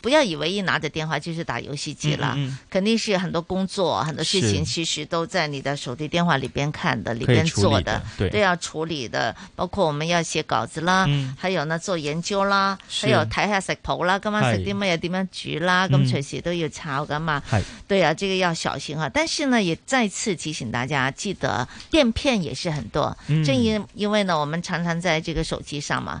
不要以為一拿着電話就是打遊戲機了、嗯嗯，肯定是很多工作、很多事情，其實都在你的手提電話裏邊看的、的裏邊做的，對對，都要處理的。包括我們要寫稿子啦，嗯、還有呢做研究啦，還有睇下食譜啦，今晚食啲乜嘢點樣煮啦，咁這些都要查㗎嘛、嗯。對啊，這個要小心啊！但是呢，也再次提醒大家，記得墊片也是很多，嗯、正因因為呢，我們常常在這個手機上嘛。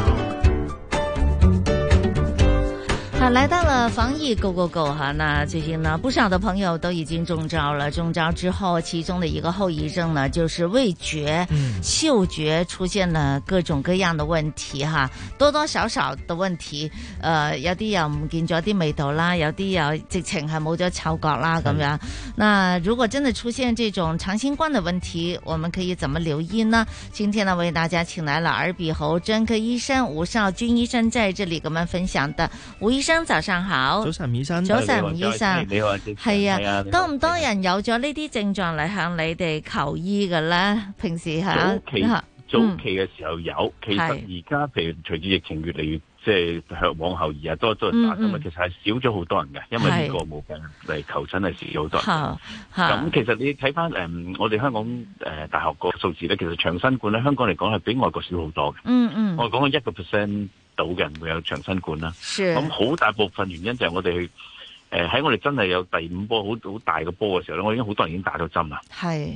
好，來到了防疫 Go Go Go 哈。那最近呢，不少的朋友都已經中招了。中招之後，其中的一個後遺症呢，就是味覺、嗯、嗅覺出現了各種各樣的問題哈。多多少少的問題，呃，有啲又唔見咗啲味道啦，有啲又直情係冇咗嗅覺啦咁樣。那如果真的出現這種長新冠的問題，我們可以怎麼留意呢？今天呢，為大家請來了耳鼻喉專科醫生吳少君醫生在這裏跟我們分享的吳醫生。早上好，早晨吳醫生，早晨吳醫生，你好，係啊，多唔多人有咗呢啲症狀嚟向你哋求醫嘅咧？平時喺早期，早期嘅時候有，其實而家譬如隨住疫情越嚟越，即係向往後移多多人打針，咪、嗯嗯、其實係少咗好多人嘅，因為呢個冇病嚟求診係少咗好多人。咁其實你睇翻誒，我哋香港誒大學個數字咧，其實長新冠呢，香港嚟講係比外國少好多嘅。嗯嗯我，我講一個 percent。到嘅人會有長新冠啦，咁好大部分原因就係我哋誒喺我哋真係有第五波好好大嘅波嘅時候咧，我已經好多人已經打咗針啦，係，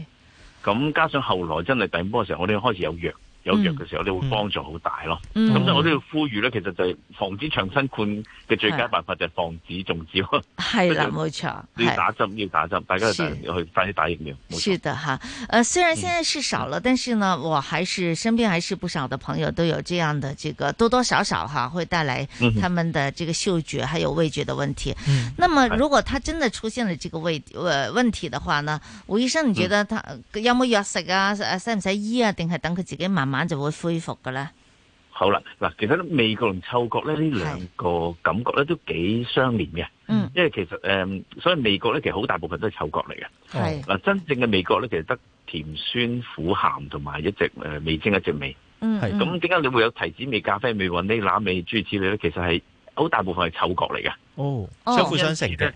咁加上後來真係第五波嘅時候，我哋開始有藥。有藥嘅時候、嗯，你會幫助好大咯。咁、嗯嗯嗯嗯、所以我都要呼籲咧，其實就係防止長新冠嘅最佳辦法是就係、是、防止中招。係啦，冇、就是、錯。你要打針，要打針，大家去打去，快啲打疫苗。是的哈，呃、啊，雖然現在是少了，但是呢，我還是身邊還是不少的朋友都有這樣的這個多多少少哈、啊，會帶來他們的這個嗅覺還有味覺的問題。嗯。那麼如果他真的出現了這個味呃問題的話呢，吳醫生，你覺得他有冇藥食啊？使唔使醫啊？定係等佢自己慢慢。慢慢就會恢復嘅啦。好啦，嗱，其實味覺同嗅覺咧呢兩個感覺咧都幾相連嘅。嗯，因為其實誒，所以味覺咧其實好大部分都係嗅覺嚟嘅。係嗱，真正嘅味覺咧其實得甜、酸、苦、咸同埋一隻誒味精一隻味。嗯，咁，點解你會有,有,有提子味、咖啡味、呢腩味諸如此類咧？其實係好大部分係嗅覺嚟嘅。哦，相輔相成嘅。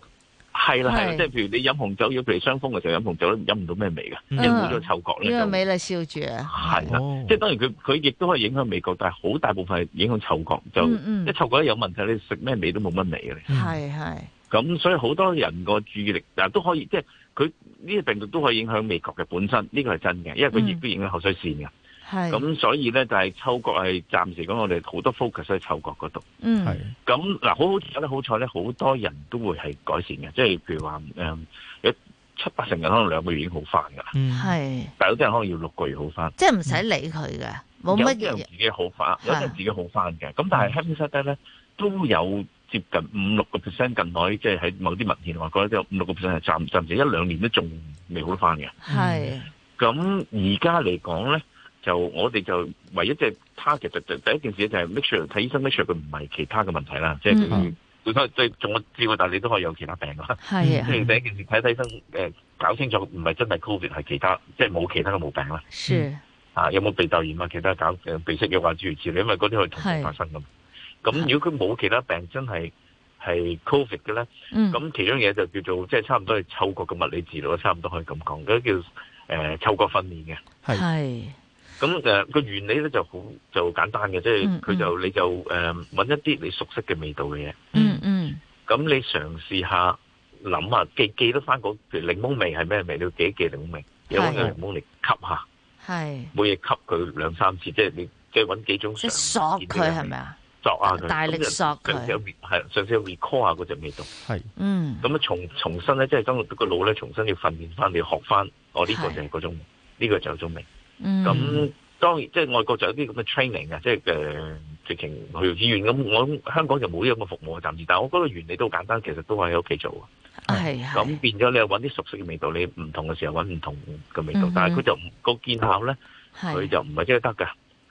係啦，係即係譬如你飲紅酒，如果譬如傷風嘅時候飲紅酒咧，飲唔到咩味嘅，飲唔到咗嗅覺呢、嗯？就。因為美麗笑住啊。係啦、哦，即係當然佢佢亦都可以影響味覺，但係好大部分係影響嗅覺，就一嗅、嗯嗯、覺咧有問題，你食咩味都冇乜味嘅咧。係、嗯、係。咁、嗯、所以好多人個注意力嗱都可以，即係佢呢啲病毒都可以影響味覺嘅本身，呢個係真嘅，因為佢亦都影響口水腺嘅。係咁，所以咧就係嗅覺，係暫時講，我哋好多 focus 喺嗅覺嗰度。嗯，係咁嗱，好好而家咧，好彩咧，好多人都會係改善嘅，即係譬如話，誒，有七八成人可能兩個月已經好翻噶啦。嗯，係。但有啲人可能要六個月好翻。即係唔使理佢嘅，冇乜嘢。有啲人自己好翻，有啲人自己好翻嘅。咁但係，happy sad 咧都有接近五六個 percent，近來即係喺某啲文件話，覺得有五六個 percent 係暫暫時一兩年都仲未好翻嘅。係。咁而家嚟講咧。就我哋就唯一即係，他其實就第一件事就係 make sure 睇醫生 make sure 佢唔係其他嘅問題啦，即係佢本身即係仲有治㗎，但係你都可以有其他病啦係啊！即係、嗯、第一件事睇睇醫生，搞清楚唔係真係 covid 係其他，即係冇其他嘅毛病啦。是啊，有冇鼻竇炎啊？其他搞誒鼻息嘅還諸如此類，因為嗰啲可以同時發生咁，咁如果佢冇其他病，真係係 covid 嘅咧，咁、嗯、其中嘢就叫做即係差唔多係嗅覺嘅物理治療，差唔多可以咁講，佢叫誒嗅覺、呃、訓練嘅。咁誒個原理咧就好就簡單嘅，即係佢就你就誒揾一啲你熟悉嘅味道嘅嘢。嗯嗯。咁你嘗試下諗下記記得翻嗰檸檬味係咩味？你要記一記檸檬味，用啲檸檬嚟吸下。係。每日吸佢兩三次，即係你即係揾幾種嘗。一索佢係咪啊？索，索，大力索佢。嘗試 recall 下嗰隻味道。嗯。咁啊，重重新咧，即係將個腦咧重新要訓練翻，要學翻。我，哦，呢個就係嗰種，呢個就係嗰種味。嗯，咁當然即係外國就有啲咁嘅 training 啊，即係誒、呃、直情去醫院咁，我諗香港就冇呢咁嘅服務暫時。但係我覺得原理都簡單，其實都喺屋企做啊。係啊，咁變咗你又搵啲熟悉嘅味道，你唔同嘅時候搵唔同嘅味道。嗯、但係佢就、嗯、那個見效咧，佢就唔係真係得㗎，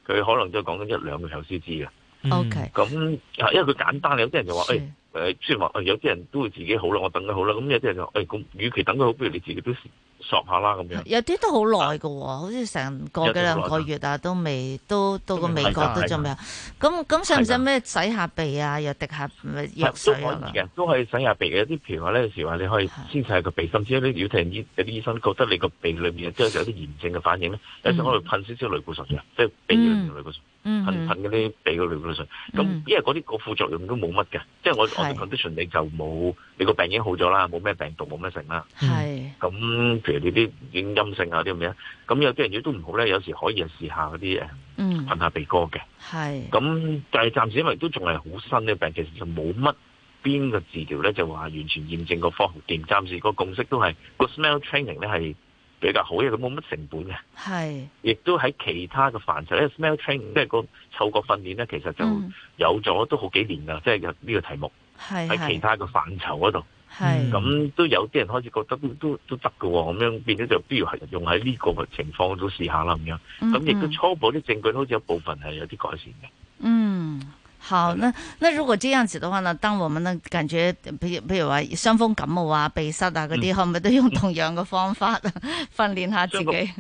佢可能都係講緊一兩個老先知㗎。O、嗯、K。咁啊，因為佢簡單，有啲人就話誒，雖然話、哎，有啲人都會自己好啦，我等佢好啦。咁有啲人就誒，咁、哎，與其等佢好，不如你自己都索下啦。咁樣有啲都好耐噶，好似成個幾兩個月啊，都、啊、未，都，沒都到個美國、嗯、都仲未。咁咁，使唔使咩洗下鼻啊？又滴下藥水啊？都係嘅，都可以洗下鼻嘅。有啲譬如話咧，有時話你可以先洗下個鼻，甚至咧，要睇啲有啲醫生覺得你個鼻裏面即係、就是、有啲炎症嘅反應咧、嗯，有時可以噴少少類固醇嘅，即、就、係、是、鼻炎嘅類固醇。嗯噴噴嗰啲鼻嗰啲病，咁因為嗰啲個副作用都冇乜嘅，即係我我 condition 你就冇，你個病已經好咗啦，冇咩病毒，冇咩剩啦。係。咁、嗯嗯、譬如你啲已經陰性啊啲咁樣，咁有啲人如果都唔好咧，有時可以試下嗰啲誒噴下鼻哥嘅。係。咁但係暫時因為都仲係好新嘅病，其實就冇乜邊個治療咧，就話完全驗證個科學點。暫時個共識都係個 smell training 咧，係。比較好嘅，佢冇乜成本嘅，係，亦都喺其他嘅範疇 smell training 即係個嗅覺訓練咧，其實就有咗都好幾年啦，即係呢個題目喺其他嘅範疇嗰度，咁都、嗯、有啲人開始覺得都都得㗎喎，咁樣變咗就不如用喺呢個情況度試下啦咁樣，咁、嗯、亦都初步啲證據好似有部分係有啲改善嘅。嗯。好，那那如果這樣子的話呢？當我們的感覺，譬如譬如話傷風感冒啊、鼻塞啊嗰啲、嗯，可唔可以都用同樣嘅方法訓、嗯、練下自己？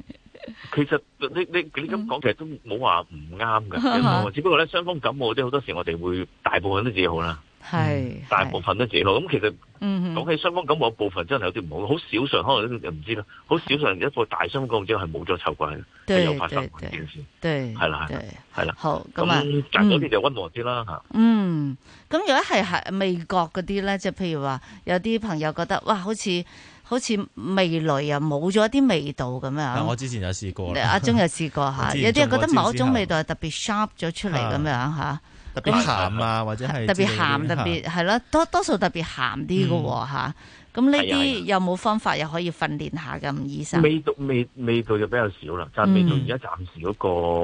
其實你你你咁講，其實都冇話唔啱㗎，只不過咧傷風感冒即係好多時我哋會大部分都自己好啦。係大部分都接受，咁其實講起雙方感覺部分真係有啲唔好，好少數可能就唔知啦，好少數一個大雙方講之後係冇咗嗅覺有又發生件事，係啦係啦，係啦，好咁近嗰邊就温和啲啦吓。嗯，咁、嗯嗯嗯、如果係係美國嗰啲咧，就譬如話有啲朋友覺得，哇，好似好似味蕾啊冇咗啲味道咁樣。我之前有試過了，阿鐘有試過吓，有啲覺得某一種味道係特別 sharp 咗出嚟咁樣吓。特別鹹啊，或者係特別鹹，特別係咯，多多數特別鹹啲嘅喎吓。咁呢啲有冇方法又可以訓練一下嘅？咁醫生。味道味味道就比較少啦，但係味道而家暫時嗰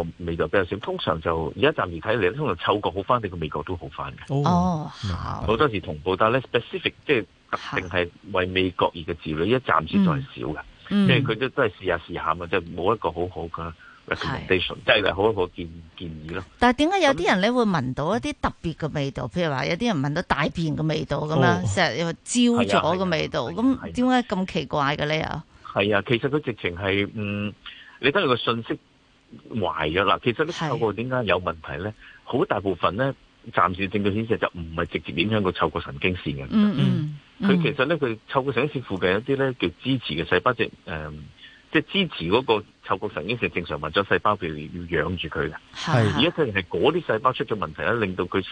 個味道比較少。通常就而家暫時睇嚟，通常嗅覺好翻，定個味覺都好翻嘅。哦，好。好多時同步，但係咧，specific 即係特定係為味覺而嘅治療，一暫時仲係少嘅、嗯，因為佢都都係試下試下嘛，即係冇一個好好嘅。係、啊，即、就、係、是、好一個建建議咯。但係點解有啲人咧，會聞到一啲特別嘅味道？譬、嗯、如話有啲人聞到大便嘅味道咁樣，成日又焦咗嘅味道，咁點解咁奇怪嘅咧？啊！係啊，其實佢直情係嗯，你睇佢個信息壞咗啦。其實咧，嗅覺點解有問題咧？好、啊、大部分咧，暫時證據顯示就唔係直接影響個嗅覺神經線嘅。嗯嗯，佢、嗯、其實咧，佢嗅覺神經線附近一啲咧叫支持嘅細胞，即、呃、誒。即係支持嗰個嗅覺神經係正常物質細胞，譬如要養住佢嘅。而家佢能係嗰啲細胞出咗問題咧，令到佢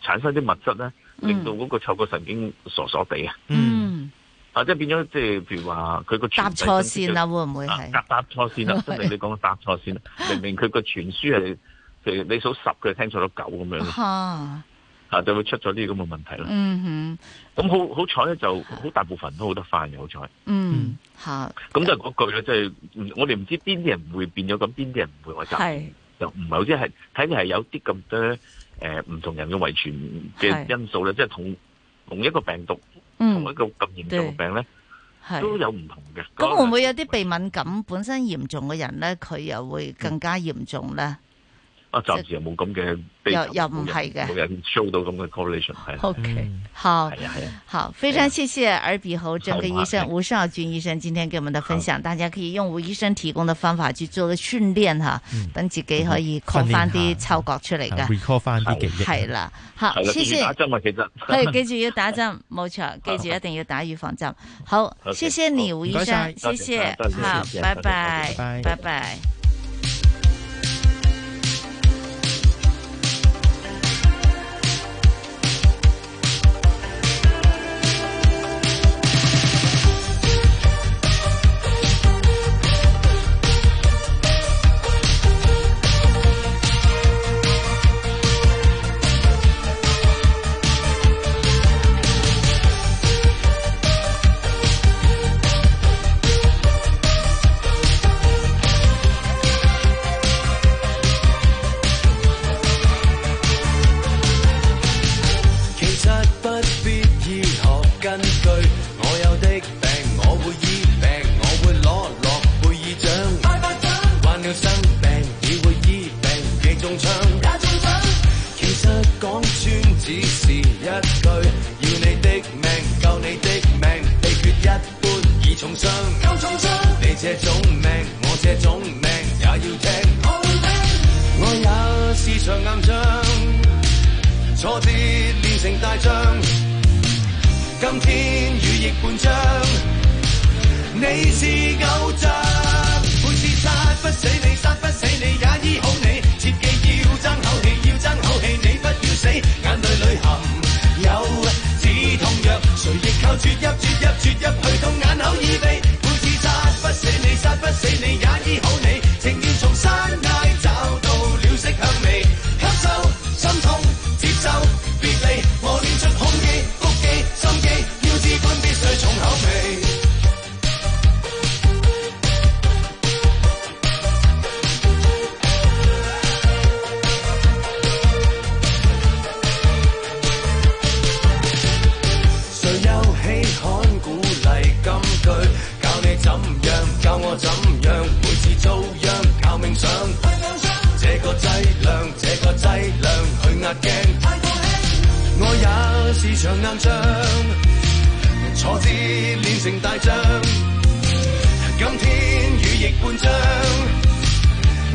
產生啲物質咧、嗯，令到嗰個嗅覺神經傻傻地啊。嗯，啊，即係變咗，即係譬如話佢個搭錯線啦，會唔、啊、會係？搭錯線啦，你你講搭錯線啦，明明佢個傳輸係譬如你數十佢聽錯咗九咁樣。啊啊，就會出咗啲咁嘅問題啦。嗯哼，咁好好彩咧，就好大部分都好得返，又好彩。嗯，嚇。咁即係嗰句咧，即係我哋唔知邊啲人唔會變咗，咁邊啲人唔會外散。係。就唔係，好似係睇你係有啲咁多誒唔同人嘅遺傳嘅因素咧，即係同同一個病毒同一個咁嚴重嘅病咧，都有唔同嘅。咁會唔會有啲鼻敏感本身嚴重嘅人咧，佢又會更加嚴重咧？啊暫時又冇咁嘅，又又唔係嘅冇人 show 到咁嘅 correlation 係。O、嗯、K 好係啊係啊好，非常謝謝耳鼻喉專科醫生吳少君醫生今天給我們嘅分享，大家可以用吳醫生提供的方法去做個訓練吓、嗯，等自己可以 call 翻啲嗅覺出嚟嘅 recall 翻啲記憶係啦。好，謝謝。打針啊，其實，係記住要打針，冇錯，記住一定要打預防針, 針, 針 好。好，謝謝吳醫生，謝謝，好，拜拜，拜拜。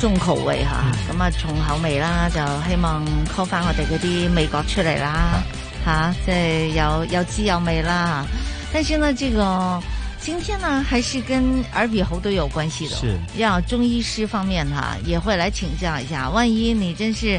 重口味哈咁啊、嗯、重口味啦，就希望 call 翻我哋嗰啲味覺出嚟啦，吓、嗯，即係有有滋有味啦。但是呢，這個今天呢，還是跟耳鼻喉都有關係的，要中醫師方面哈、啊，也會來請教一下，萬一你真是。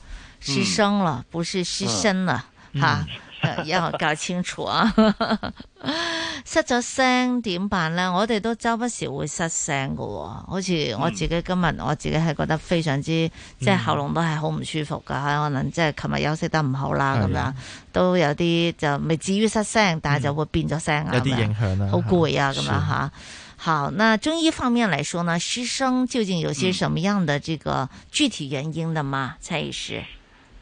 失聲啦、嗯，不是失聲啦，吓、嗯嗯，要搞清楚啊！ 失咗聲點辦咧？我哋都周不時會失聲噶、哦，好似我自己今日、嗯、我自己係覺得非常之，即係喉嚨都係好唔舒服噶、嗯，可能即係琴日休息得唔好啦，咁、啊、樣都有啲就未至於失聲，但係就會變咗聲啊，有啲影響啦，好攰啊咁、啊、樣吓。好，那中醫方面嚟說呢，失聲究竟有些什麼樣的這個具體原因的嗎？蔡醫師？